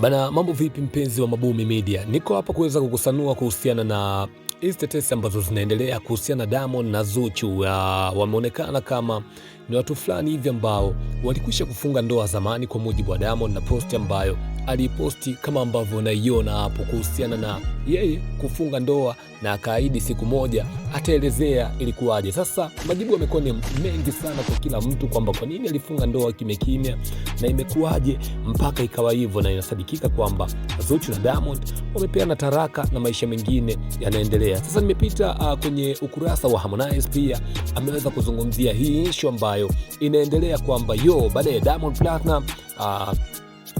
Bana, mambo vipi mpenzi wa Mabumi Media? Niko hapa kuweza kukusanua kuhusiana na hizi tetesi ambazo zinaendelea kuhusiana na Diamond na Zuchu. Uh, wameonekana kama ni watu fulani hivi ambao walikwisha kufunga ndoa zamani, kwa mujibu wa Diamond na posti ambayo aliposti kama ambavyo unaiona hapo, kuhusiana na yeye kufunga ndoa na akaahidi siku moja ataelezea ilikuwaje. Sasa majibu yamekuwa ni mengi sana kwa kila mtu, kwamba kwa nini alifunga ndoa kimyakimya na imekuwaje mpaka ikawa hivyo, na inasadikika kwamba Zuchu na Diamond wamepeana taraka na maisha mengine yanaendelea. Sasa nimepita uh, kwenye ukurasa wa Harmonize, pia ameweza kuzungumzia hii issue ambayo ambayo inaendelea kwamba yo baada ya Diamond Platinum uh, ah,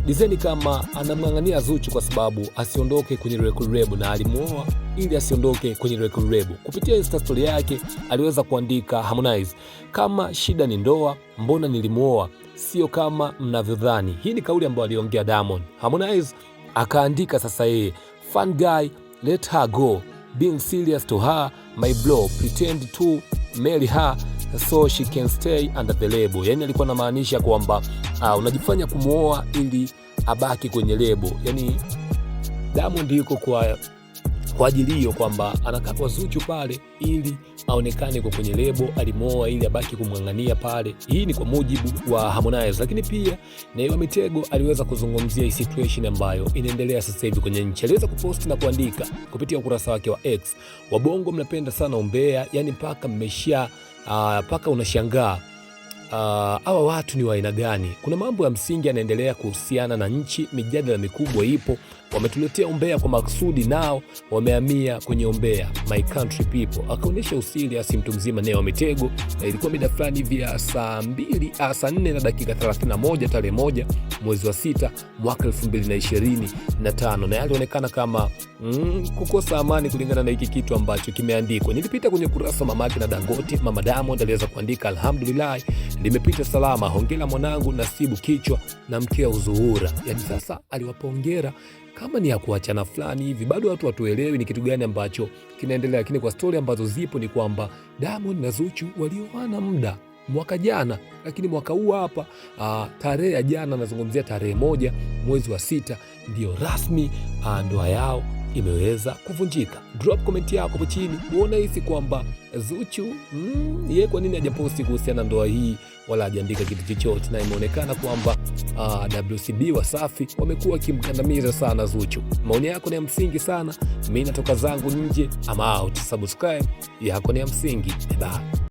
Dizeni kama anamng'ang'ania Zuchu kwa sababu asiondoke kwenye record label na alimuoa ili asiondoke kwenye record label. Kupitia Insta story yake aliweza kuandika Harmonize, kama shida ni ndoa, mbona nilimuoa, sio kama mnavyodhani. Hii ni kauli ambayo aliongea Diamond. Harmonize akaandika sasa yeye, fun guy let her go being serious to her my bro pretend to marry her so she can stay under the label. Yani alikuwa anamaanisha kwamba uh, unajifanya kumwoa ili abaki kwenye lebo. Yani Diamond yuko kwa kwa ajili hiyo kwamba anakatwa Zuchu pale ili aonekane kwa kwenye lebo, alimwoa ili abaki kumwang'ania pale. Hii ni kwa mujibu wa Harmonize, lakini pia Nayla Mitego aliweza kuzungumzia hii situation ambayo inaendelea sasa hivi kwenye nchi. Aliweza kuposti na kuandika kupitia ukurasa wake wa X, wabongo mnapenda sana umbea, yani mpaka mmesha Ah, mpaka unashangaa ah, hawa watu ni wa aina gani? Kuna mambo ya msingi yanaendelea kuhusiana na nchi, mijadala mikubwa ipo, wametuletea umbea kwa maksudi, nao wamehamia kwenye umbea. My country people akaonyesha usiri asi mtu mzima Neo Mitego, na ilikuwa mida fulani hivi ya saa mbili saa nne na dakika 31 tarehe moja mwezi wa sita mwaka mbili na yalionekana kama mm, kukosa amani kulingana na hiki kitu ambacho kimeandikwa. Nilipita kwenye kurasa mamake na Dangote, mama Diamond aliweza kuandika alhamdulillah, limepita salama, hongera mwanangu Nasibu kichwa na mkea uzuhura. Yani sasa aliwapongera kama ni ya kuachana fulani hivi, bado watu watuelewi ni kitu gani ambacho kinaendelea, lakini kwa stori ambazo zipo ni kwamba Diamond na Zuchu walioana muda mwaka jana, lakini mwaka huu hapa ah, tarehe ya jana, nazungumzia tarehe moja mwezi wa sita, ndiyo rasmi ah, ndoa yao imeweza kuvunjika. Drop comment yako hapo chini, uona hisi kwamba Zuchu mm, yeye kwa nini hajaposti kuhusiana na ndoa hii wala hajaandika kitu chochote, na imeonekana kwamba uh, WCB Wasafi wamekuwa wakimkandamiza sana Zuchu. Maoni yako ni ya msingi sana, mi natoka zangu nje. Ama out, subscribe yako ni ya msingi ba